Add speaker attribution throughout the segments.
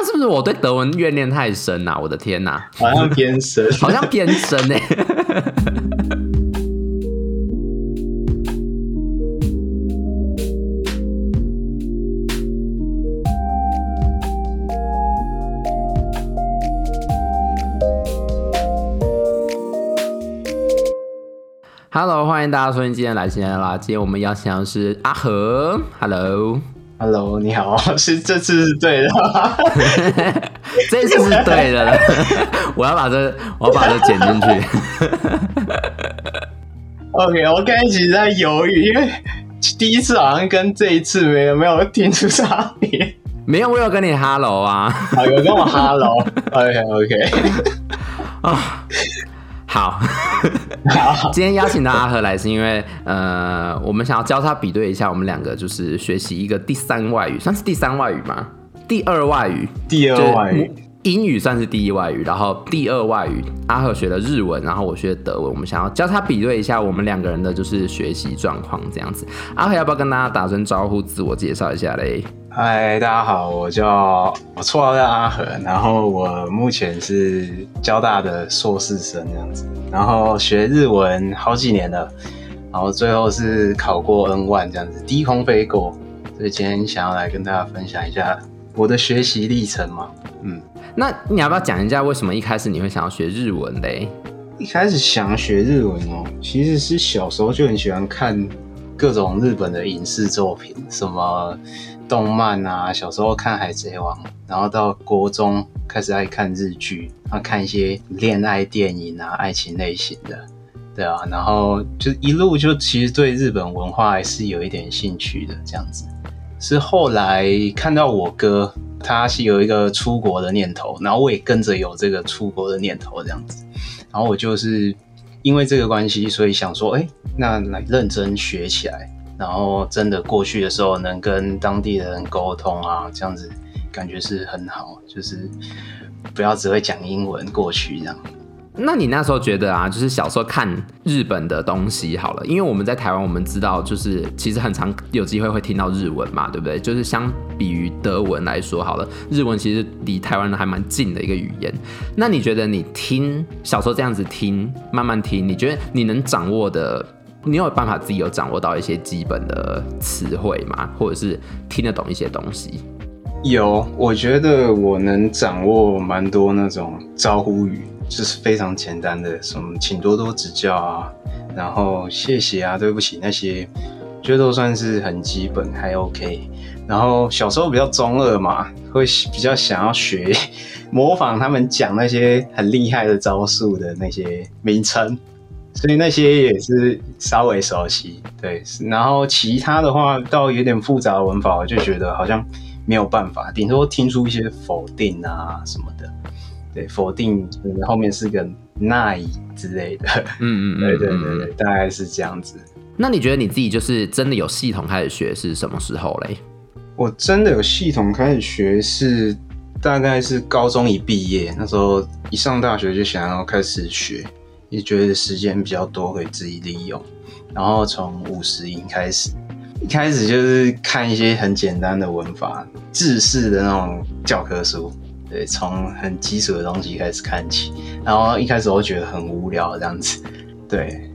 Speaker 1: 那、啊、是不是我對德文怨念太深了，啊、我的天吶、啊，好像偏深， 好像偏深呢。Hello，歡迎大家收聽今天來今天啦，今天我們要邀請的是阿和。Hello。Hello，你好，是這次是對
Speaker 2: 的， 這次
Speaker 1: 是對的， 我要把這，我要把這剪進去
Speaker 2: okay, okay。OK，我剛才一直在猶豫，因為第一次好像跟這一次沒有沒有聽出差別，
Speaker 1: 沒有，我有跟你 Hello 啊，好，有跟我 Hello，OK OK，啊、okay. oh，好。 今天邀請到阿和來是因為， 呃，我們想要交叉比對一下我們兩個，就是學習一個第三外語，算是第三外語嗎？第二外語，第二外語，就是、英語算是第一外語，然後第二外語，阿和學的日文，然後我學德文，我們想要交叉比對一下我們兩個人的就是學習狀況這樣子。阿和要不要跟大家打聲招呼，自我介紹一下嘞？
Speaker 2: 嗨，大家好，我叫我綽號叫阿和，然後我目前是交大的碩士生這樣子，然後學日文好幾年了，然後最後是考過 N1 這
Speaker 1: 樣子，低空飛過，所以今天想要來跟大家分享一下我的學習歷程嘛。嗯，那你要不要講一下為什麼一開始你會想要學日文咧？一開始想學日文哦，其實是小時候就很喜歡看各種日
Speaker 2: 本的影視作品，什麼。動漫啊，小時候看《海賊王》，然後到國中開始愛看日劇，然後看一些戀愛電影啊，愛情類型的，對啊，然後就一路就其實對日本文化還是有一點興趣的，這樣子。是後來看到我哥，他是有一個出國的念頭，然後我也跟着有這個出國的念頭，這樣子。然後我就是因為這個關係，所以想說，哎，那來認真學起來。然後真的過去的時候，能跟當地的人溝通啊，這樣子感覺是很好。就是不要只會講英文過去這樣。
Speaker 1: 那你那時候覺得啊，就是小時候看日本的東西好了，因為我們在台灣我們知道，就是其實很常有機會會聽到日文嘛，對不對？就是相比於德文來說，好了，日文其實離台灣人還蠻近的一個語言。那你覺得你聽小時候這樣子聽，慢慢聽，你覺得你能掌握的？你有辦法自己有掌握到一些基本的詞彙嗎？或者是聽得懂一些東西？
Speaker 2: 有，我覺得我能掌握蠻多那種招呼語，就是非常簡單的，什麼請多多指教啊，然後謝謝啊，對不起那些，覺得都算是很基本，還 OK。然後小時候比較中二嘛，會比較想要學模仿他們講那些很厲害的招數的那些名稱。所以那些也是稍微熟悉，對。然後其他的話，到有點複雜的文法，我就覺得好像沒有辦法。頂多聽出一些否定啊什麼的，對，否定，對，後面是個“奈”之類的。嗯嗯嗯，對對對對，大概是這樣子。
Speaker 1: 那你覺得你自己就是真的有系統開始學是什麼時候嘞？我真的有系統開始學是
Speaker 2: 大概是高中一畢業，那時候一上大學就想要開始學。也覺得時間比較多可以自己利用，然後從五十音開始，一開始就是看一些很簡單的文法、制式的那種教科書，對，從很基礎的東西開始看起。然後一開始我覺得很無聊
Speaker 1: 這樣子，對。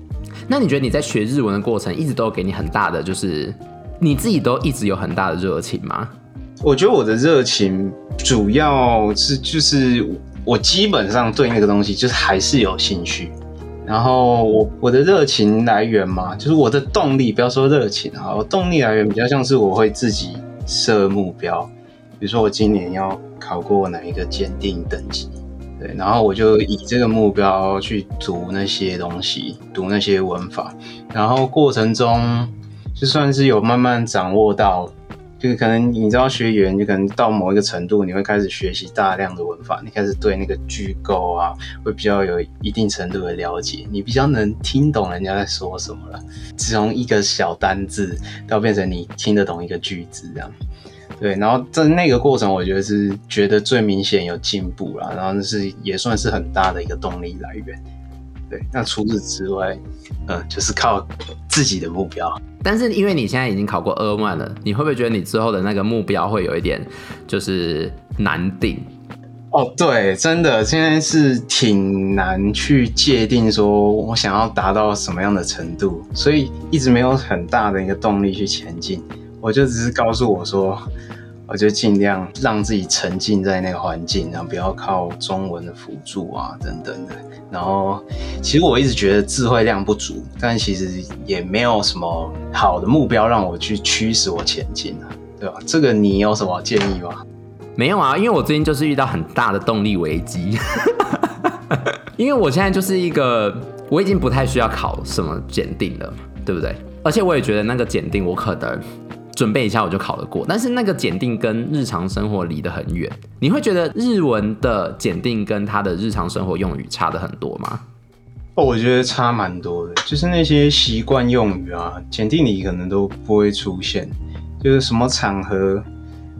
Speaker 1: 那你覺得你在學日文的過程，一直都給你很大的，就是你自己都一直有很大的熱情嗎？
Speaker 2: 我覺得我的熱情主要是就是我基本上對那個東西就是還是有興趣。然後我我的熱情來源嘛，就是我的動力。不要說熱情啊，我動力來源比較像是我會自己設目標，比如說我今年要考過哪一個鑑定等級，對，然後我就以這個目標去讀那些東西，讀那些文法，然後過程中就算是有慢慢掌握到。就可能你知道學語言，就可能到某一個程度，你會開始學習大量的文法，你開始對那個句構啊，會比較有一定程度的了解，你比較能聽懂人家在說什麼了。只從一個小單字到變成你聽得懂一個句子，這樣。對，然後在那個過程，我覺得是覺得最明顯有進步了，然後是也算是很大的一個動力來源。那除此之外，嗯，就是靠自己的目標。
Speaker 1: 但是因為你現在已經考過二萬了，你會不會覺得你之後的那個目標會有一點就是難定？
Speaker 2: 哦，對，真的，現在是挺難去界定，說我想要達到什麼樣的程度，所以一直沒有很大的一個動力去前進。我就只是告訴我說。我就儘量讓自己沉浸在那個環境，然後不要靠中文的輔助啊等等的。然後其實我一直覺得智慧量不足，但其實也沒有什麼好的目標讓我去驅使我前進啊，對吧？這個你有什麼建議嗎？
Speaker 1: 沒有啊，因為我最近就是遇到很大的動力危機， 因為我現在就是一個我已經不太需要考什麼檢定了，對不對？而且我也覺得那個檢定我可能。準備一下我就考得過，但是那個檢定跟日常生活離得很遠。你會覺得日文的檢定跟他的日常生活用語差得很多嗎？我覺得差蠻多的，就是那些習慣用語啊，檢定裡可能都不會
Speaker 2: 出現，就是什麼場合。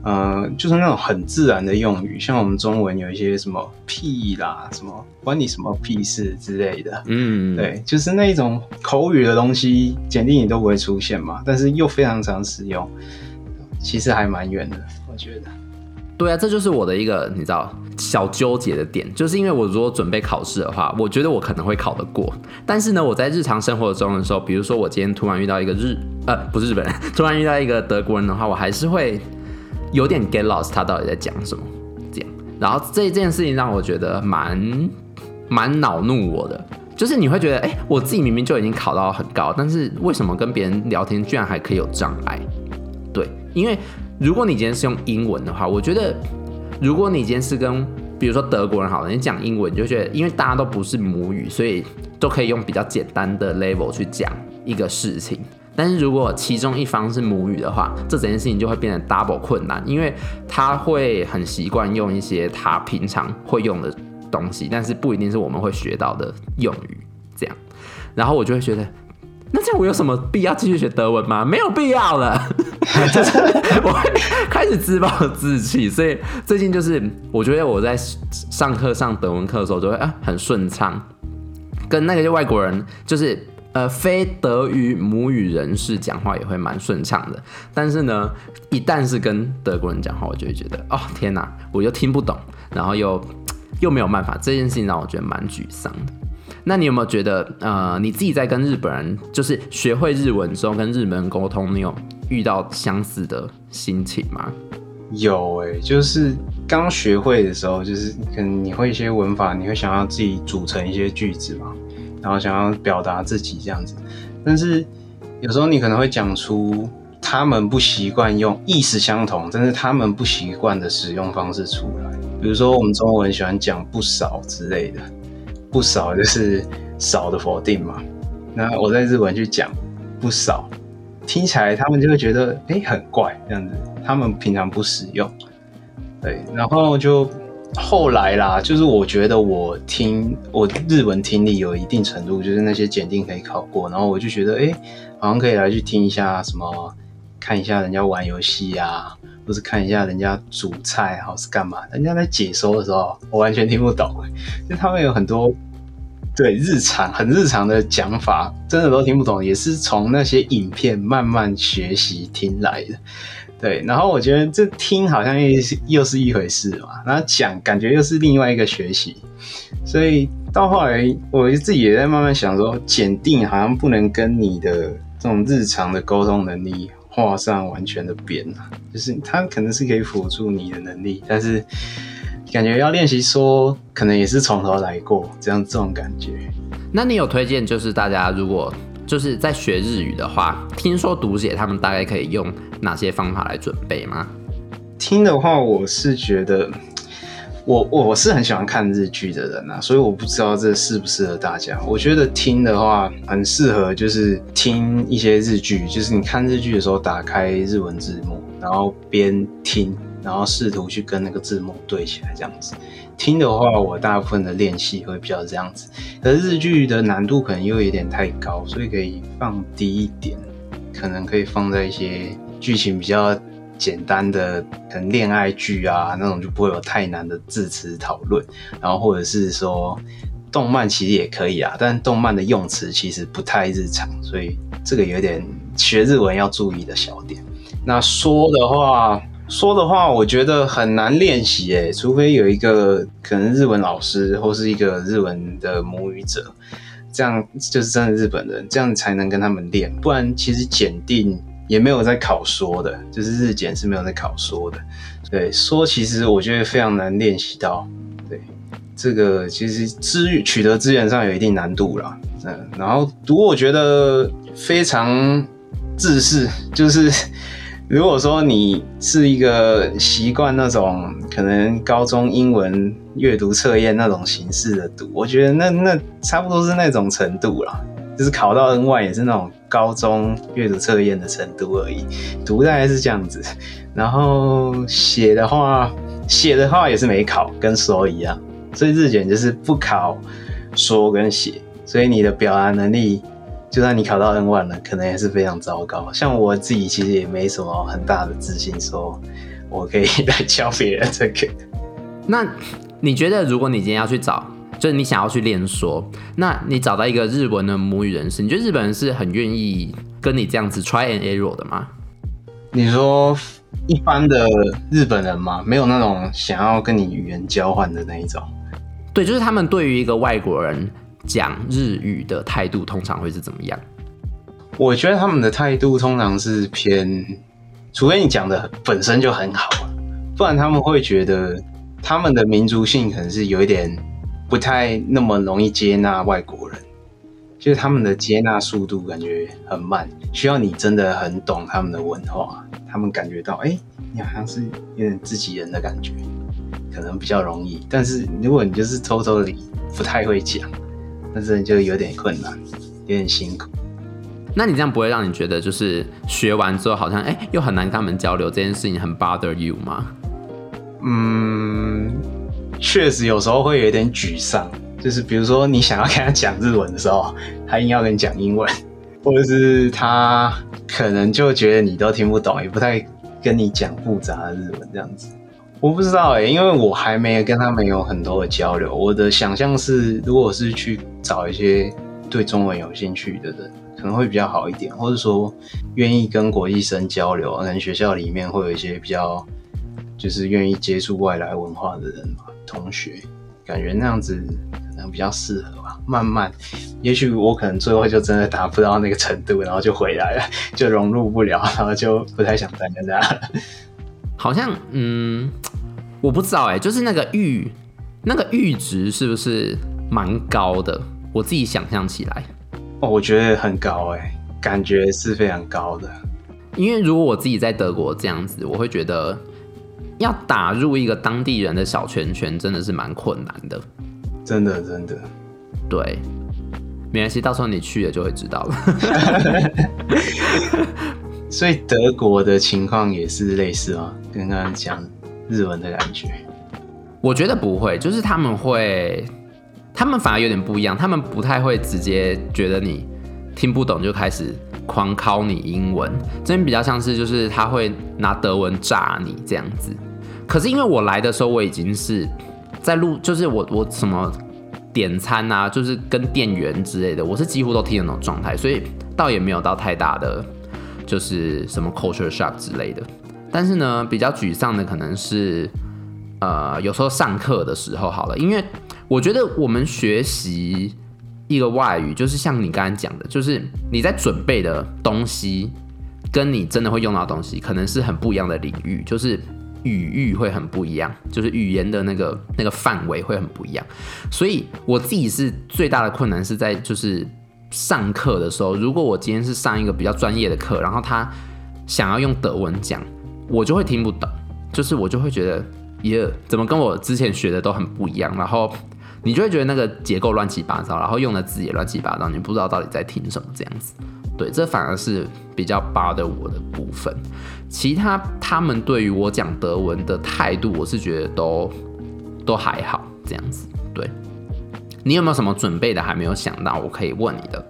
Speaker 2: 呃，就是那種很自然的用語，像我們中文有一些什麼屁啦，什麼關你什麼屁事之類的，嗯，對，就是那一種口語的東西，簡歷你都不會出現嘛，但是又非常常使用，其實還蠻遠的，我覺得。
Speaker 1: 對啊，這就是我的一個你知道小糾結的點，就是因為我如果準備考試的話，我覺得我可能會考得過，但是呢，我在日常生活中的時候，比如說我今天突然遇到一個日，呃，不是日本人，突然遇到一個德國人的話，我還是會。有點 get lost，他到底在講什麼？這樣，然後這件事情讓我覺得蠻蠻惱怒我的，就是你會覺得，哎、欸，我自己明明就已經考到很高，但是為什麼跟別人聊天居然還可以有障礙？對，因為如果你今天是用英文的話，我覺得如果你今天是跟比如說德國人好了，你講英文你就覺得，因為大家都不是母語，所以都可以用比較簡單的 level 去講一個事情。但是如果其中一方是母語的話，這整件事情就會變得 double 困難，因為他會很習慣用一些他平常會用的東西，但是不一定是我們會學到的用語。這樣，然後我就會覺得，那這樣我有什麼必要繼續學德文嗎？沒有必要了， 就是我會開始自暴自棄。所以最近就是，我覺得我在上課上德文課的時候，就會啊很順暢，跟那個就外國人就是。呃，非德語母語人士講話也會蠻順暢的，但是呢，一旦是跟德國人講話，我就會覺得，哦，天哪，我又聽不懂，然後又，又沒有辦法，這件事情讓我覺得蠻沮喪的。那你有沒有覺得，呃，你自己在跟日本人，就是學會日文之後跟日本人溝通，你有遇到相似的心情嗎？
Speaker 2: 有欸，就是剛學會的時候，就是可能你會一些文法，你會想要自己組成一些句子嗎？然後想要表達自己這樣子，但是有時候你可能會講出他們不習慣用意思相同，但是他們不習慣的使用方式出來。比如說，我們中文喜歡講“不少”之類的，“不少”就是“少”的否定嘛。那我在日文去講“不少”，聽起來他們就會覺得“哎，很怪”這樣子。他們平常不使用，對，然後就。後來啦，就是我覺得我聽我日文聽力有一定程度，就是那些檢定可以考過，然後我就覺得哎，好、欸、像可以來去聽一下什麼，看一下人家玩遊戲呀，或是看一下人家煮菜、啊，或是幹嘛。人家在解說的時候，我完全聽不懂、欸，就他們有很多對日常很日常的講法，真的都聽不懂，也是從那些影片慢慢學習聽來的。對，然後我覺得這聽好像又是又是一回事嘛，然後講感覺又是另外一個學習，所以到後來我自己也在慢慢想說，檢定好像不能跟你的這種日常的溝通能力畫上完全的邊啊，就是它可能是可以輔助你的能力，但是
Speaker 1: 感覺要練習說，可能也是從頭來過這樣這種感覺。那你有推薦就是大家如果？就是在學日語的話，聽說讀寫，他們大概可以用哪些方法來準備嗎？
Speaker 2: 聽的話，我是覺得我，我我我是很喜歡看日劇的人啊，所以我不知道這適不適合大家。我覺得聽的話很適合，就是聽一些日劇，就是你看日劇的時候打開日文字幕，然後邊聽。然後試圖去跟那個字幕對起來，這樣子聽的話，我大部分的練習會比較這樣子。可是日劇的難度可能又有點太高，所以可以放低一點，可能可以放在一些劇情比較簡單的，可能戀愛劇啊那種就不會有太難的字詞討論。然後或者是說動漫其實也可以啊，但動漫的用詞其實不太日常，所以這個有點學日文要注意的小點。那說的話。說的話，我覺得很難練習誒，除非有一個可能日文老師或是一個日文的母語者，這樣就是真的日本人，這樣才能跟他們練。不然其實檢定也沒有在考說的，就是日檢是沒有在考說的。對，說其實我覺得非常難練習到，對，這個其實資取得資源上有一定難度啦。嗯，然後讀我覺得非常自視就是。如果說你是一個習慣那種可能高中英文閱讀測驗那種形式的讀，我覺得那那差不多是那種程度啦，就是考到 N1 也是那種高中閱讀測驗的程度而已，讀大概是這樣子。然後寫的話，寫的話也是沒考，跟說一樣。所以日檢就是不考說跟寫，所以你的表達能力。就算你考到 N1 了，可能也是非常糟糕。像我自己，其實也沒什麼很大的自信說，說我可以來教別人這個。
Speaker 1: 那你覺得，如果你今天要去找，就是你想要去練說，那你找到一個日文的母語人士，你覺得日本人是很願意跟你這樣子 try and error 的嗎？你說一般的日本人嘛，沒有那種想要跟你語言交換的那一種？對，就是他們對於一個外國人。講日語的態度通常會是怎麼樣？我覺得他們的態度通常是偏，
Speaker 2: 除非你講的本身就很好啊，不然他們會覺得，他們的民族性可能是有一點不太那麼容易接納外國人，就是他們的接納速度感覺很慢，需要你真的很懂他們的文化，他們感覺到哎，你好像是有點自己人的感覺，可能比較容易。但是如果你就是 totally，不太會講。但是就有點
Speaker 1: 困難，有點辛苦。那你這樣不會讓你覺得，就是學完之後好像哎、欸，又很難跟他們交流這件事情很 bother you 嗎？嗯，
Speaker 2: 確實有時候會有一點沮喪。就是比如說你想要跟他講日文的時候，他硬要跟你講英文，或者是他可能就覺得你都聽不懂，也不太跟你講複雜的日文這樣子。我不知道哎、欸，因為我還沒有跟他們有很多的交流。我的想象是，如果是去找一些對中文有興趣的人，可能會比較好一點，或者說願意跟國際生交流，可能學校裡面會有一些比較就是願意接觸外來文化的人吧，同學，感覺那樣子可能比較適合吧。慢慢，也許我可能最後就真的達不到那個程度，然後就回來了，就融入不了，然後就不太想待在那了。
Speaker 1: 好像嗯。我不知道哎、欸，就是那個閾，那個閾值是不是蠻高的？我自己想象起來，哦，我覺得很高哎、欸，感覺是非常高的。因為如果我自己在德國這樣子，我會覺得要打入一個當地人的小圈圈，真的是蠻困難的。真的，真的，對，沒關係，到時候你去了就會知道了。 所以德國的情況也是類似啊，剛剛講的。日文的感覺，我覺得不會，就是他們會，他們反而有點不一樣，他們不太會直接覺得你聽不懂就開始狂考你英文，這邊比較像是就是他會拿德文炸你這樣子，可是因為我來的時候我已經是在路，就是我我什麼點餐啊，就是跟店員之類的，我是幾乎都聽的那種狀態，所以倒也沒有到太大的就是什麼 culture shock 之類的。但是呢，比較沮喪的可能是，呃，有時候上課的時候好了，因為我覺得我們學習一個外語，就是像你剛剛講的，就是你在準備的東西，跟你真的會用到的東西，可能是很不一樣的領域，就是語域會很不一樣，就是語言的那個那個範圍會很不一樣。所以我自己是最大的困難是在就是上課的時候，如果我今天是上一個比較專業的課，然後他想要用德文講。我就會聽不懂，就是我就會覺得耶，怎麼跟我之前學的都很不一樣。然後你就會覺得那個結構亂七八糟，然後用的字也亂七八糟，你不知道到底在聽什麼這樣子。對，這反而是比較 bother 我的部分。其他他們對於我講德文的態度，我是覺得都都還好這樣子。對，你有沒有什麼準備的還沒有想到？我可以問你的。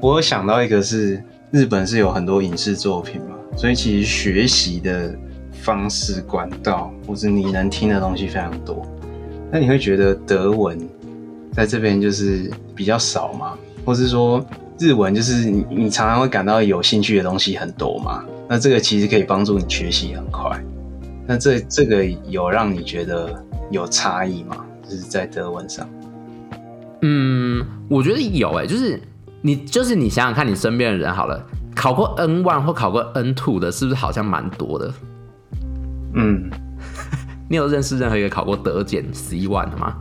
Speaker 1: 我有想到一個是日本是有很多影視作品嘛。所以其
Speaker 2: 實學習的方式、管道，或是你能聽的東西非常多。那你會覺得德文在這邊就是比較少嗎，或是說日文就是你你常常會感到有興趣的東西很多嗎？那這個其實可以幫助你學習很快。那這這個有讓你覺得有差異嗎？就是在德文上？嗯，
Speaker 1: 我覺得有誒，就是你就是你想想看你身邊的人好了。考過 N 1或考過 N2 的，是不是好像蠻多的？嗯，你有認識任何一個考過德檢 C 1的嗎？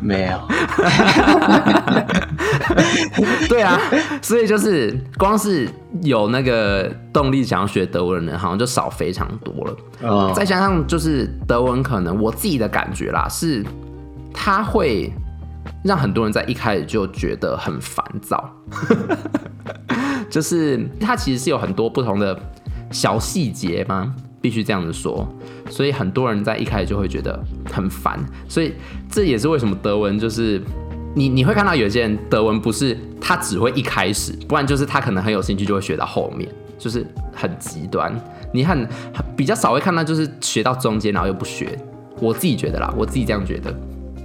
Speaker 1: 沒有。 對啊，所以就是光是有那個動力想要學德文的人，好像就少非常多了。再加上就是德文，可能我自己的感覺啦，是它會讓很多人在一開始就覺得很煩躁。 就是它其實是有很多不同的小細節嘛，必須這樣子說，所以很多人在一開始就會覺得很煩，所以這也是為什麼德文就是你你會看到有些人德文不是他只會一開始，不然就是他可能很有興趣就會學到後面，就是很極端。你很比較少會看到就是學到中間然後又不學，我自己覺得啦，我自己這樣覺得，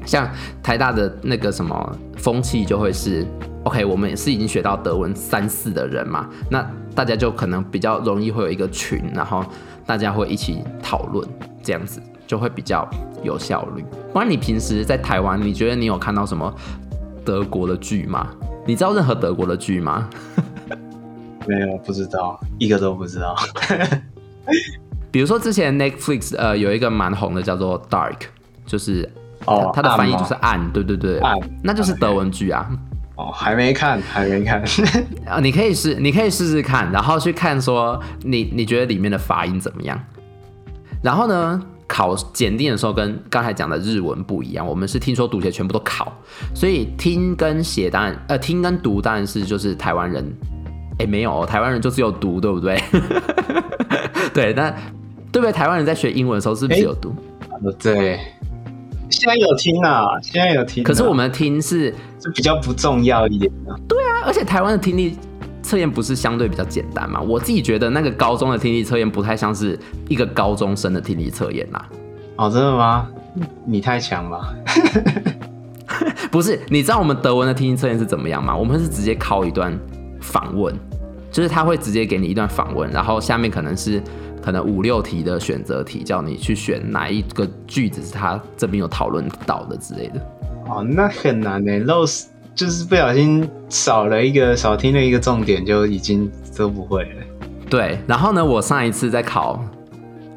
Speaker 1: 像台大的那個什麼風氣就會是。OK，我們也是已經學到德文三四的人嘛，那大家就可能比較容易會有一個群，然後大家會一起討論，這樣子就會比較有效率。不然你平時在台灣，你覺得你有看到什麼德國的劇嗎？你知道任何德國的劇嗎？ 沒有，不知道，一個都不知道。 比如說之前 Netflix 呃有一個蠻紅的叫做 Dark，就是哦，oh, 它的翻譯就是暗，對對對，暗，那就是德文劇啊。Okay. 哦、還沒看，還沒看啊！ 你可以試，你可以試試看，然後去看說你你覺得裡面的發音怎麼樣？然後呢，考檢定的時候跟剛才講的日文不一樣，我們是聽說讀寫全部都考，所以聽跟寫當然，呃，聽跟讀當然是就是台灣人，誒、欸，沒有、哦、台灣人就是有讀，對不對？ 對，那對不對？台灣人在學英文的時候是不是有讀？呃、欸，對。現在有聽了、啊，現在有聽、啊。可是我們的聽是就比較不重要一點的、啊、對啊，而且台灣的聽力測驗不是相對比較簡單嘛？我自己覺得那個高中的聽力測驗不太像是一個高中生的聽力測驗啦。哦，真的嗎？你太強了。 不是，你知道我們德文的聽力測驗是怎麼樣嗎？我們是直接考一段訪問。就是他會直接給你一段訪問，然後下面可能是可能五六題的選擇題，叫你去選哪一個句子是他這邊有討論到的之類的。
Speaker 2: 哦，那很難呢。漏就是不小心
Speaker 1: 少了一個，少聽了一個重點，就已經都不會了。對，然後呢，我上一次在考。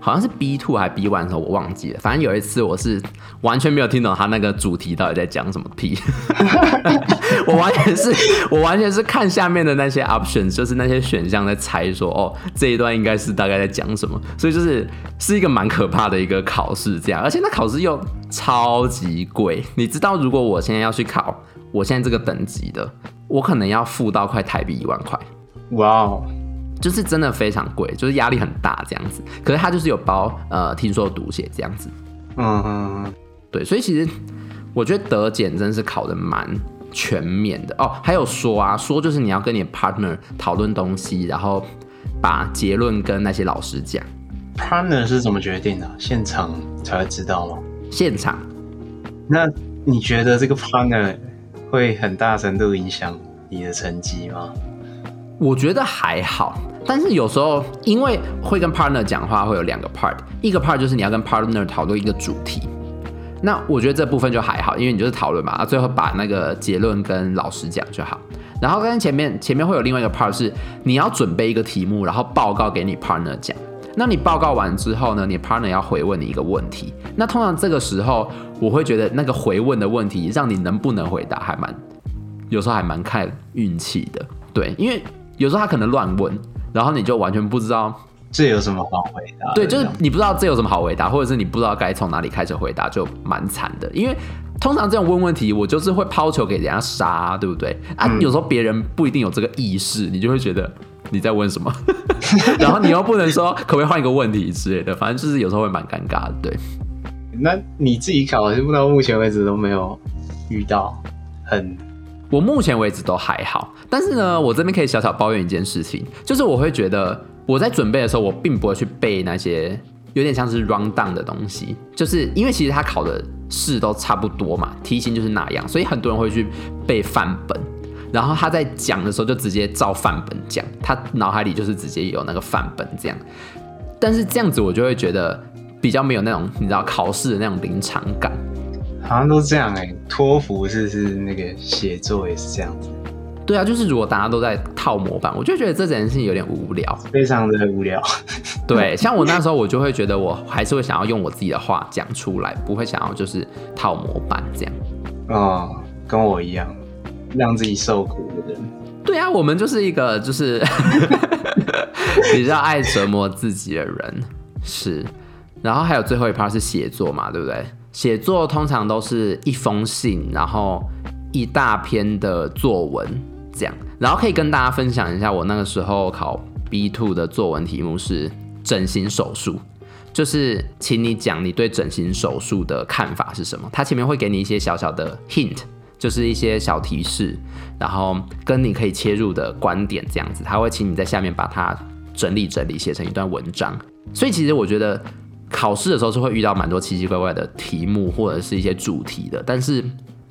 Speaker 1: 好像是 B two 還是 B one 的時候，我忘記了。反正有一次我是完全沒有聽懂他那個主題到底在講什麼屁， 我完全是，我完全是看下面的那些 options，就是那些選項在猜說，哦，這一段應該是大概在講什麼。所以就是是一個蠻可怕的一個考試，這樣。而且那考試又超級貴，你知道，如果我現在要去考，我現在這個等級的，我可能要付到快台幣一萬塊。哇哦。就是真的非常貴，就是壓力很大這樣子。可是他就是有包，呃，聽說讀寫這樣子。嗯，嗯嗯，對。所以其實我覺得德檢真是考得蠻全面的哦。還有說啊，說就是你要跟你 partner 討論東西，然後把結論跟那些老師講。partner 是怎麼決定的？現場才會知道嗎？現場。
Speaker 2: 那你覺得這個 partner 會很大程度影響你的成績嗎？
Speaker 1: 我覺得還好。但是有時候，因為會跟 partner 講話，會有兩個 part。一個 part 就是你要跟 partner 討論一個主題，那我覺得這部分就還好，因為你就是討論嘛，啊，最後把那個結論跟老師講就好。然後跟前面前面會有另外一個 part 是你要準備一個題目，然後報告給你 partner 講。那你報告完之後呢，你 partner 要回問你一個問題。那通常這個時候，我會覺得那個回問的問題讓你能不能回答，還蠻有時候還蠻看運氣的。對，因為有時候他可能亂問。然後你就完全不知道這有什麼好回答，對，就是你不知道這有什麼好回答，或者是你不知道該從哪裡開始回答，就蠻慘的。因為通常這種問問題，我就是會拋球給人家殺、啊，對不對？啊、嗯，有時候別人不一定有這個意識，你就會覺得你在問什麼， 然後你又不能說可不可以換一個問題之類的，反正就是有時候會蠻尷尬的。對，那你自己考，是不是到目前為止都沒有遇到很？我目前為止都還好，但是呢，我這邊可以小小抱怨一件事情，就是我會覺得我在準備的時候，我並不會去背那些有點像是 run down 的東西，就是因為其實他考的試都差不多嘛，題型就是那樣，所以很多人會去背範本，然後他在講的時候就直接照範本講，他腦海裡就是直接有那個範本這樣，但是這樣子我就會覺得比較沒有那種你知道考試的那種臨場感。好像都這樣哎、欸，托福是是那個寫作也是這樣子。對啊，就是如果大家都在套模板，我就覺得這件事情有點無聊，非常的無聊。對，像我那時候，我就會覺得我還是會想要用我自己的話講出來，不會想要就是套模板這樣。啊、哦，跟我一樣，讓自己受苦的人。對啊，我們就是一個就是 比較愛折磨自己的人，是。然後還有最後一 part 是寫作嘛，對不對？寫作通常都是一封信，然後一大篇的作文這樣，然後可以跟大家分享一下我那個時候考 B2 的作文題目是整形手術，就是請你講你對整形手術的看法是什麼。它前面會給你一些小小的 hint，就是一些小提示，然後跟你可以切入的觀點這樣子，他會請你在下面把它整理整理，寫成一段文章。所以其實我覺得。考試的時候是會遇到蠻多奇奇怪怪的題目或者是一些主題的，但是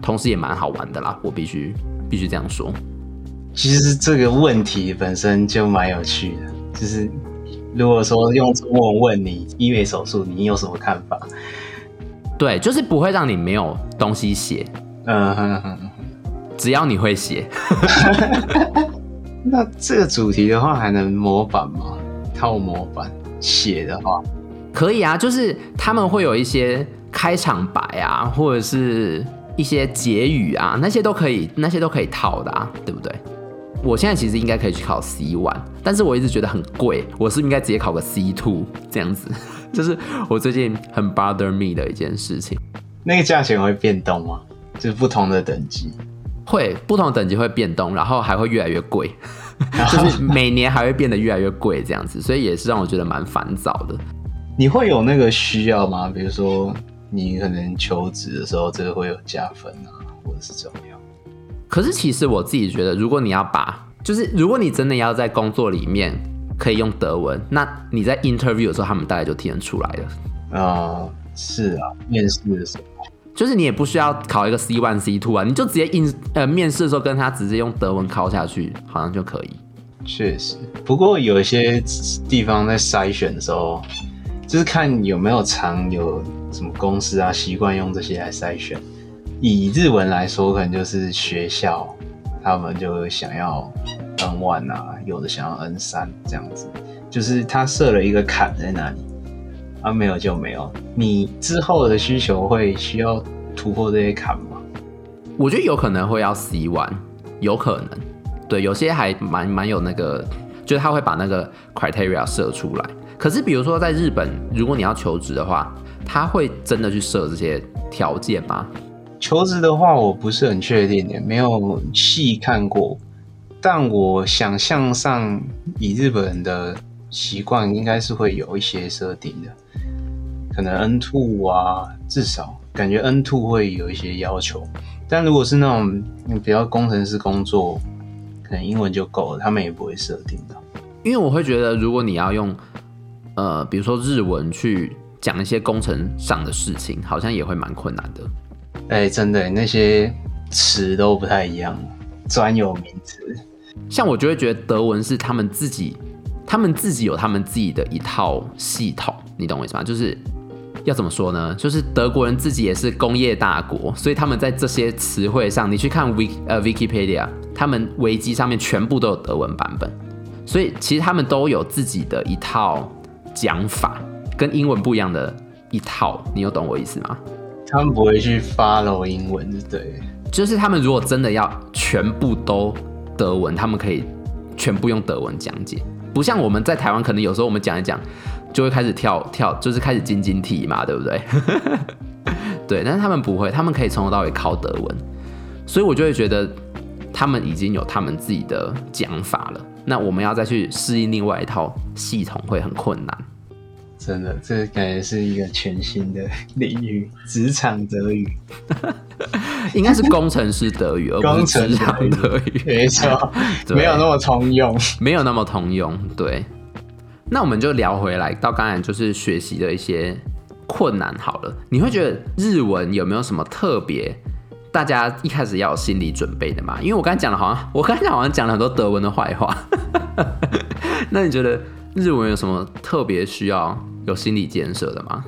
Speaker 1: 同時也蠻好玩的啦，我必須必須這樣說。
Speaker 2: 其實這個問題本身就蠻有趣的，就是如果說用中文問你醫美手術，你有什麼看法？
Speaker 1: 對，就是不會讓你沒有東西寫，嗯、uh -huh.，只要你會寫。 那這個主題的話還能模板嗎？套模板
Speaker 2: 寫的話？
Speaker 1: 可以啊，就是他們會有一些開場白啊，或者是一些結語啊，那些都可以，那些都可以套的啊，對不對？我現在其實應該可以去考 C one，但是我一直覺得很貴，我是不是應該直接考個 C two 這樣子，就是我最近很 bother me 的一件事情。那個價錢會變動嗎？就是不同的等級？會，不同的等級會變動，然後還會越來越貴，就是每年還會變得越來越貴這樣子，所以也是讓我覺得蠻煩躁的。
Speaker 2: 你會有那個需要嗎？比如說，你可能求職的時候，這個會有加分啊，或者是怎麼樣？
Speaker 1: 可是，其實我自己覺得，如果你要把，就是如果你真的要在工作裡面可以用德文，那你在 interview 的時候，他們大概就聽得出來了。啊、呃，是啊，面試的時候，就是你也不需要考一個 C one C two 啊，你就直接硬呃，面試的時候跟他直接用德文考下去，好像就可以。
Speaker 2: 確實，不過有一些地方在篩選的時候。就是看有沒有常有什麼公司啊，習慣用這些來篩選。以日文來說，可能就是學校，他們就想要 N1 啊，有的想要 N3 這樣子，就是他設了一個坎在那裡，啊沒有就沒有。你之後的需求會需要
Speaker 1: 突破這些坎嗎？我覺得有可能會要 C1，有可能。對，有些還蠻蠻有那個，就是他會把那個 criteria 設出來。可是，比如說在日本，如果你要求職的話，他會真的去設這些條件嗎？
Speaker 2: 求職的話，我不是很確定，也沒有細看過。但我想象上，以日本人的習慣，應該是會有一些設定的，可能 N2 啊，至少感覺 N2 會有一些要求。但如果是那種比較工程師工作，可能英文就夠了，他們也不會設定的。
Speaker 1: 因為我會覺得，如果你要用。呃，比如說日文去講一些工程上的事情，好像也會蠻困難的。哎、欸，真的，那些詞都不太一樣，專有名詞。像我就會覺得德文是他們自己，他們自己有他們自己的一套系統，你懂我意思嗎？就是要怎麼說呢？就是德國人自己也是工業大國，所以他們在這些詞彙上，你去看 Wiki 呃 Wikipedia，他們維基上面全部都有德文版本，所以其實他們都有自己的一套。講法跟英文不一樣的一套，你有懂我意思嗎？他們不會去 follow 英文，對，就是他們如果真的要全部都德文，他們可以全部用德文講解，不像我們在台灣，可能有時候我們講一講，就會開始跳跳，就是開始晶晶體嘛，對不對？ 對，但是他們不會，他們可以從頭到尾靠德文，所以我就會覺得他們已經有他們自己的講法了。那我們要再去適應另外一套系統會很困難，
Speaker 2: 真的，這感覺是一個全新的領域——職場德
Speaker 1: 語， 應該是工程師德語，而不是職場德語。工程師德語，沒錯， 沒有那麼通用，沒有那麼通用。對，那我們就聊回來到剛才就是學習的一些困難好了。你會覺得日文有沒有什麼特別？大家一開始要有心理準備的嘛，因為我剛才講的，好像我剛才好像講了很多德文的壞話。 那你覺得日文有什麼特別需要有心理建設的嗎？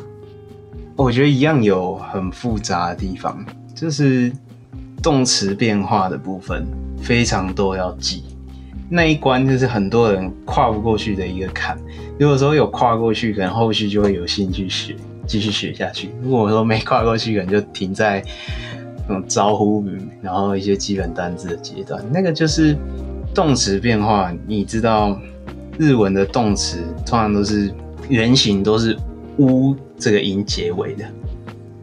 Speaker 2: 我覺得一樣有很複雜的地方，就是動詞變化的部分非常多要記，那一關就是很多人跨不過去的一個坎。如果說有跨過去，可能後續就會有心去學，繼續學下去；如果說沒跨過去，可能就停在。那種招呼語，然後一些基本單字的階段，那個就是動詞變化。你知道日文的動詞通常都是原型，都是嗚這個音結尾的，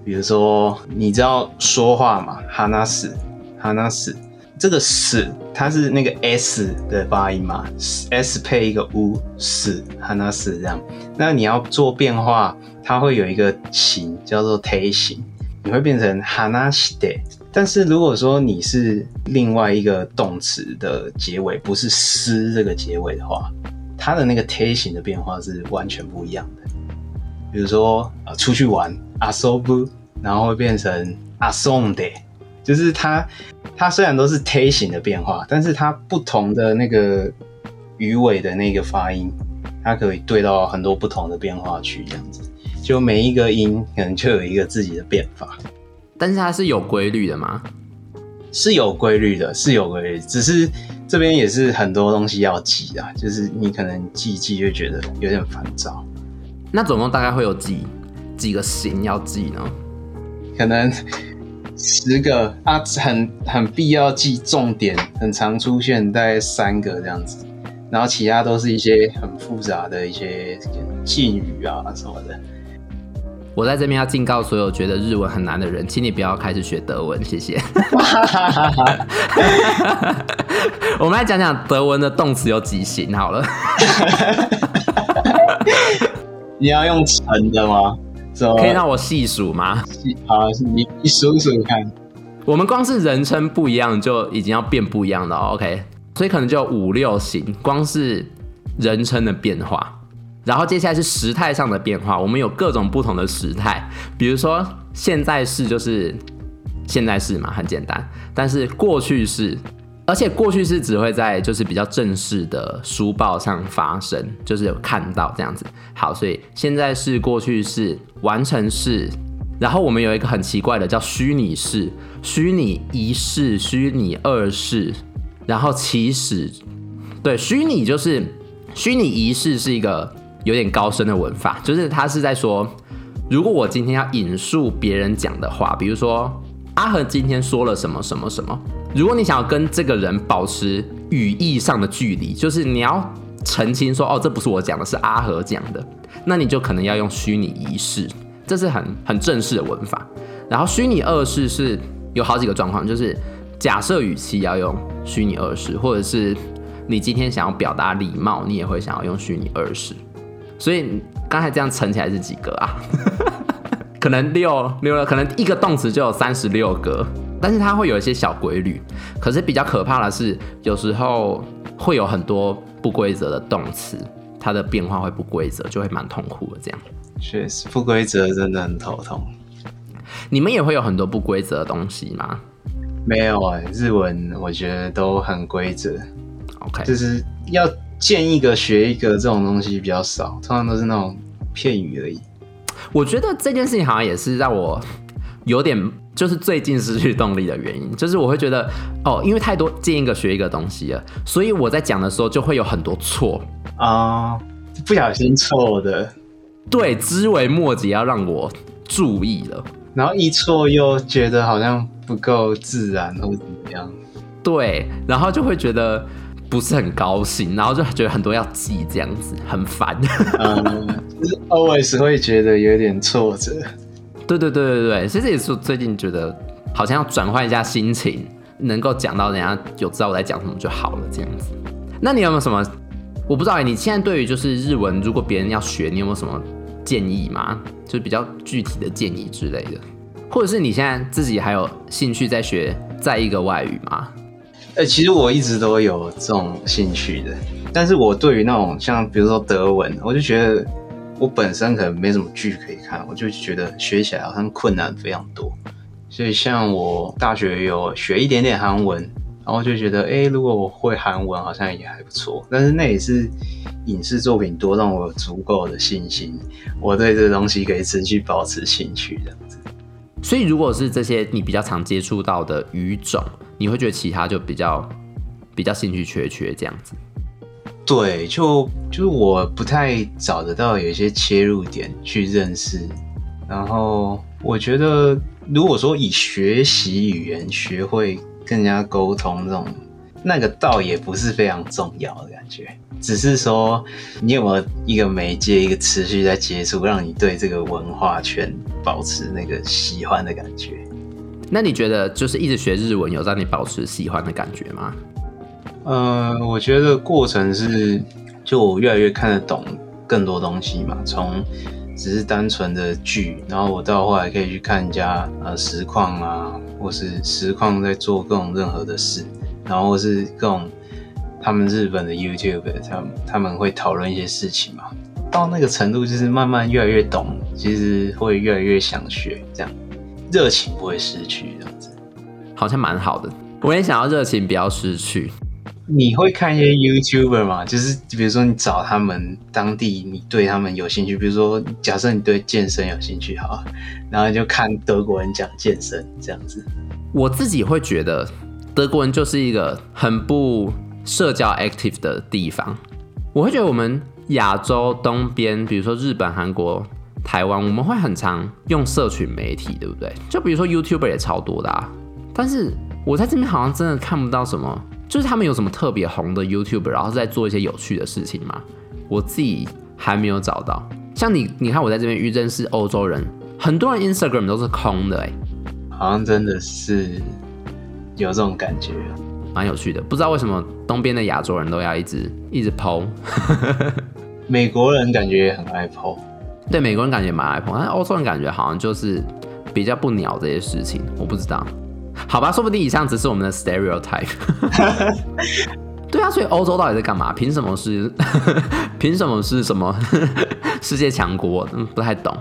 Speaker 2: 比如說你知道說話嘛，哈納斯哈納斯，這個ス它是那個 S 的發音嘛，S 配一個嗚ス、哈納斯這樣。那你要做變化，它會有一個形叫做て形。你會變成 hanashite，但是如果說你是另外一個動詞的結尾，不是“し”這個結尾的話，它的那個 t 型的變化是完全不一樣的。比如說，呃，出去玩，asobu，然後會變成 asonde，就是它，它雖然都是 t 型的變化，但是它不同的那個魚尾的那個發音，它可以對到很多不同的變化去，這樣子。就每一個音，可能就有一個自己的變法，但是它是有規律的嗎？是有規律的，是有規律，只是這邊也是很多東西要記的啊，就是你可能記一記就覺得有點煩躁。那總共大概會有幾幾個形要記呢？可能十個啊，很很必要記重點，很常出現大概三個這樣子，然後其他都是一些很複雜的一些敬語啊什麼的。
Speaker 1: 我在這邊要警告所有覺得日文很難的人，請你不要開始學德文，謝謝。 我們來講講德文的動詞有幾型好了。 你要用成的嗎？是嗎？可以讓我細數嗎？好了，你你數一數看。我們光是人稱不一樣就已經要變不一樣了，OK？所以可能就五六型，光是人稱的變化。然後接下來是時態上的變化，我們有各種不同的時態，比如說現在式就是現在式嘛，很簡單。但是過去式，而且過去式只會在就是比較正式的書報上發生，就是有看到這樣子。好，所以現在式、過去式、完成式，然後我們有一個很奇怪的叫虛擬式，虛擬一式、虛擬二式，然後其實對，虛擬就是虛擬一式是一個。有點高深的文法，就是他是在說，如果我今天要引述別人講的話，比如說阿和今天說了什麼什麼什麼，如果你想要跟這個人保持語義上的距離，就是你要澄清說哦，這不是我講的，是阿和講的，那你就可能要用虛擬二式，這是很很正式的文法。然後虛擬二式是有好幾個狀況，就是假設語氣要用虛擬二式，或者是你今天想要表達禮貌，你也會想要用虛擬二式。所以你剛才這樣乘起來是幾個啊？ 可能六六了，可能一個動詞就有三十六個，但是它會有一些小規律。可是比較可怕的是，有時候會有很多不規則的動詞，它的變化會不規則，就會蠻痛苦的。這樣確實不規則，真的很頭痛。你們也會有很
Speaker 2: 多不規則的東西嗎？沒有、欸，日文我覺得都很規則。OK，就是要。見一個學一個這種東西比較少，通常都是那種
Speaker 1: 片語而已。我覺得這件事情好像也是讓我有點就是最近失去動力的原因，就是我會覺得哦，因為太多見一個學一個東西了，所以我在講的時候就會有很多錯啊、哦，不小心錯的。對，枝微末節要讓我注意了，然後一錯又覺得好像不夠自然或怎麼樣。對，然後就會覺得。不是很高興，然後就覺得很多要記，這樣子很煩。嗯，就是 always 會覺得有點挫折。對對對對對，其實也是最近覺得好像要轉換一下心情，能夠講到人家有知道我在講什麼就好了，這樣子。那你有沒有什麼，我不知道。欸？你現在對於就是日文，如果別人要學，你有沒有什麼建議嗎？就是比較具體的建議之類的，或者是你現在自己還有興趣再學再一個外語嗎？
Speaker 2: 欸，其實我一直都有這種興趣的，但是我對於那種像比如說德文，我就覺得我本身可能沒什麼劇可以看，我就覺得學起來好像困難非常多。所以像我大學有學一點點韓文，然後就覺得，欸，如果我會韓文，好像也還不錯。但是那也是影視作品多讓我有足夠的信
Speaker 1: 心，我對這個東西可以持
Speaker 2: 續保持興趣這樣子。
Speaker 1: 所以如果是這些你比較常接觸到的語種。你會覺得其他就比較比較興趣缺缺這樣子，對，就就是我不太找得到有一
Speaker 2: 些切入點去認識。然後我覺得，如果說以學習語言學會跟人家溝通這種，那個倒也不是非常重要的感覺，只是說你有沒有一個媒介，一個持續在接觸，讓你對這個文化圈保持那個喜歡的感覺。
Speaker 1: 那你覺得就是一直學日文，有讓你保持喜歡的感覺嗎？呃，
Speaker 2: 我覺得過程是就我越來越看得懂更多東西嘛。從只是單純的劇，然後我到後來可以去看人家呃實況啊，或是實況在做各種任何的事，然後是各種他們日本的 YouTuber，他們他們會討論一些事情嘛。到那個程度，
Speaker 1: 就是慢慢越來越懂，其實會越來越想學這樣。熱情不
Speaker 2: 會失去，這樣子
Speaker 1: 好像蠻好的。我也想要熱情不要失去。
Speaker 2: 你會看一些 YouTuber 嗎？就是比如說，你找他們當地，你對他們有興趣。比如說，假設你對健身有興趣，好，然後你就看德國人講健身這樣子。
Speaker 1: 我自己會覺得，德國人就是一個很不社交 active 的地方。我會覺得我們亞洲東邊，比如說日本、韓國。台灣我們會很常用社群媒體，對不對？就比如說 YouTuber 也超多的。啊，但是我在這邊好像真的看不到什麼，就是他們有什麼特別紅的 YouTuber，然後是在做一些有趣的事情嘛。我自己還沒有找到。像你，你看我在這邊遇真是歐洲人，很多人 Instagram 都是空的。欸，哎，好像真的是有這種感覺，啊，蠻有趣的。不知道為什麼東邊的亞洲人都要一直一直 po， 美國人感覺也很愛 po。對，美國人感覺蠻愛碰，但歐洲人感覺好像就是比較不鳥這些事情，我不知道。好吧，說不定以上只是我們的 stereotype。 對啊，所以歐洲到底在幹嘛？憑什麼是？ 憑什麼是什麼 世界強國？嗯，不太懂，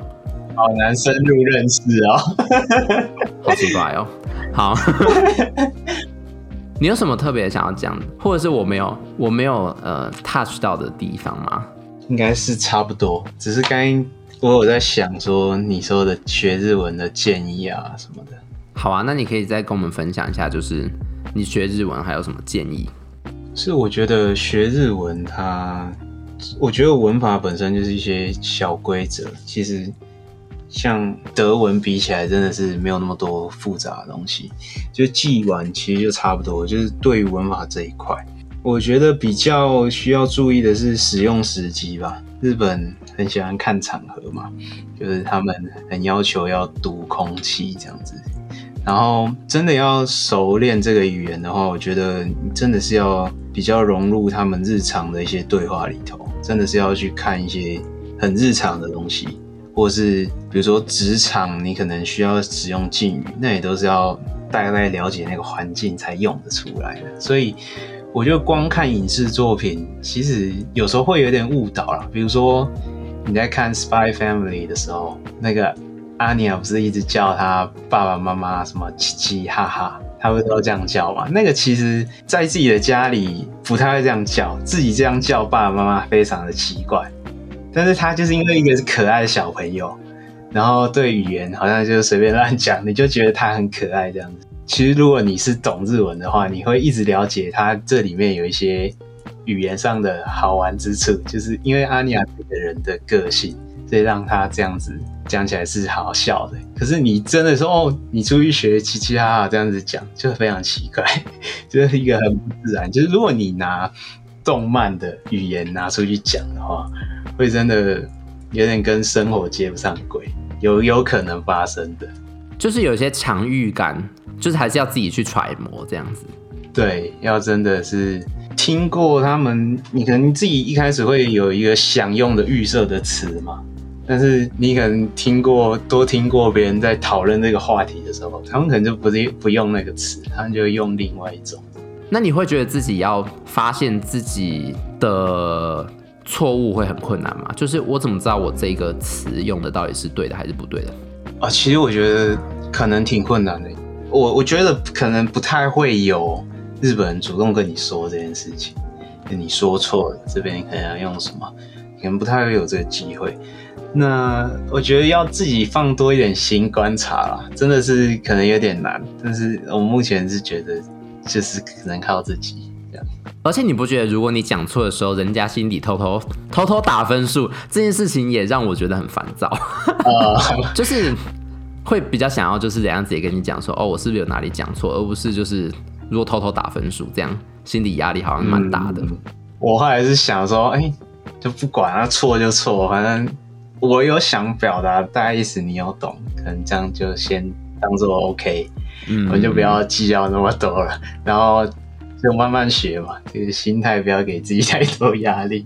Speaker 2: 好難深入認識哦， 好奇
Speaker 1: 怪哦。好， 你有什麼特別想要講的，或者是我沒有，我沒有呃 touch 到的地方嗎？應該是差不多，只是剛剛。我有在想說你說的學日文的建議啊什麼的，好啊，那你可以再跟我們分享一下，就是你學日文還有什麼建議？
Speaker 2: 是我覺得學日文它，它我覺得文法本身就是一些小規則，其實像德文比起來真的是沒有那麼多複雜的東西，就記完其實就差不多，就是對於文法這一塊。我覺得比較需要注意的是使用時機吧。日本很喜歡看場合嘛，就是他們很要求要讀空氣這樣子。然後真的要熟練這個語言的話，我覺得真的是要比較融入他們日常的一些對話裡頭，真的是要去看一些很日常的東西，或是比如說職場，你可能需要使用敬語，那也都是要大概了解那個環境才用得出來的。所以。我就光看影視作品，其實有時候會有點誤導啦。比如說你在看《Spy Family》的時候，那個阿尼亞、啊、不是一直叫他爸爸媽媽什麼七七哈哈，他不是都這樣叫嗎？嗯、那個其實，在自己的家裡不太會這樣叫，自己這樣叫爸爸媽媽非常的奇怪。但是他就是因為一個是可愛的小朋友，然後對語言好像就隨便亂講，你就覺得他很可愛這樣子。其實，如果你是懂日文的話，你會一直了解它，這裡面有一些語言上的好玩之處。就是因為阿尼亞這個人的個性，所以讓他這樣子講起來是好笑的。可是你真的說哦，你出去學嘻嘻哈哈這樣子講，就非常奇怪，就是一個很不自然。就是如果你拿動漫的語言拿出去講的話，會真的有點跟生活接不上軌，有有可能發生
Speaker 1: 的。就是有一些強預感，就是還是要自己去揣摩這樣子。
Speaker 2: 對，要真的是聽過他們，你可能自己一開始會有一個想用的預設的詞嘛，但是你可能聽過多聽過別人在討論這個話題的時候，他們可能就不是不用那個詞，他們就用另外一種。
Speaker 1: 那你會覺得自己要發現自己的錯誤會很困難嗎？就是我怎麼知道我這個詞用的到底是對的還是不對的？
Speaker 2: 啊，其實我覺得可能挺困難的。我我覺得可能不太會有日本人主動跟你說這件事情，你說錯了，這邊你可能要用什麼，可能不太會有這個機會。那我覺得要自己放多一點心觀察啦，真的是可能有
Speaker 1: 點難。但是我目前是覺得就是可能靠自己。而且你不覺得，如果你講錯的時候，人家心裡偷偷偷偷打分數這件事情，也讓我覺得很煩躁、 呃。就是會比較想要，就是怎樣直接跟你講說，哦，我是不是有哪裡講錯，而不是就是如果偷偷打分數這樣，心理壓力好像蠻大的、嗯。我後來是想說，哎、欸，就不管啊，錯就錯，反正
Speaker 2: 我有想表達大概意思，你有懂，可能這樣就先當做 OK，、
Speaker 1: 嗯、我就不
Speaker 2: 要計較那麼多了，然後。就慢慢學嘛，就是心態不要給自己太多壓力。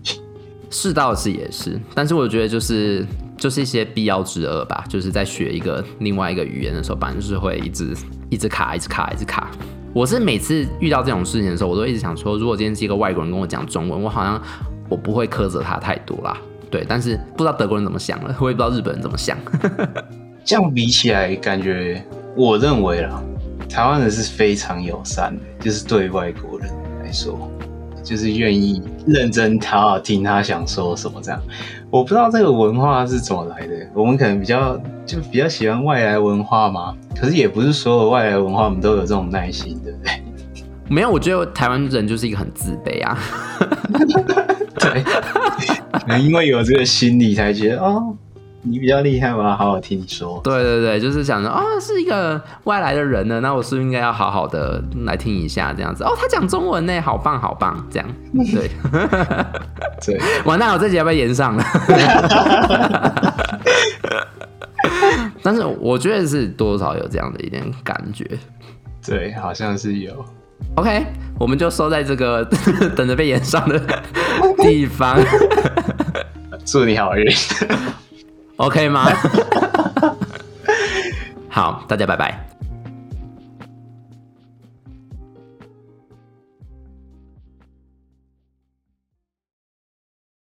Speaker 2: 是倒是也是，
Speaker 1: 但是我覺得就是就是一些必要之惡吧。就是在學一個另外一個語言的時候，反正就是會一直一直卡，一直卡，一直卡。我是每次遇到這種事情的時候，我都一直想說，如果今天是一個外國人跟我講中文，我好像我不會苛責他太多啦。對，但是不知道德國人怎麼想的，我也不知道日本人怎麼想。 這樣比起來，感覺我認
Speaker 2: 為了。台灣人是非常友善的，就是對外國人來說，就是願意認真討好聽他想說什麼這樣。我不知道這個文化是怎麼來的，我們可能比較就比較喜歡外來文化嘛，可是也不是所有外來文化我們都有這種耐心，對不對？沒有，我覺得台灣人就是一個很自卑
Speaker 1: 啊，
Speaker 2: 對，可能因為有這個心理才覺得哦。你比較厲害嗎？好好聽
Speaker 1: 你說。對對對，就是想着啊、哦，是一個外來的人呢，那我是不是應該要好好的來聽一下這樣子？哦，他講中文呢，好棒好棒，這樣。對，對。 完蛋了，我這集要被炎上了。 但是我覺得是多少有這樣的一點感覺。對，好像是有。OK，我們就收在這個 等着被炎上的 地方。 祝你好運。OK 嗎？ 好，大家拜拜。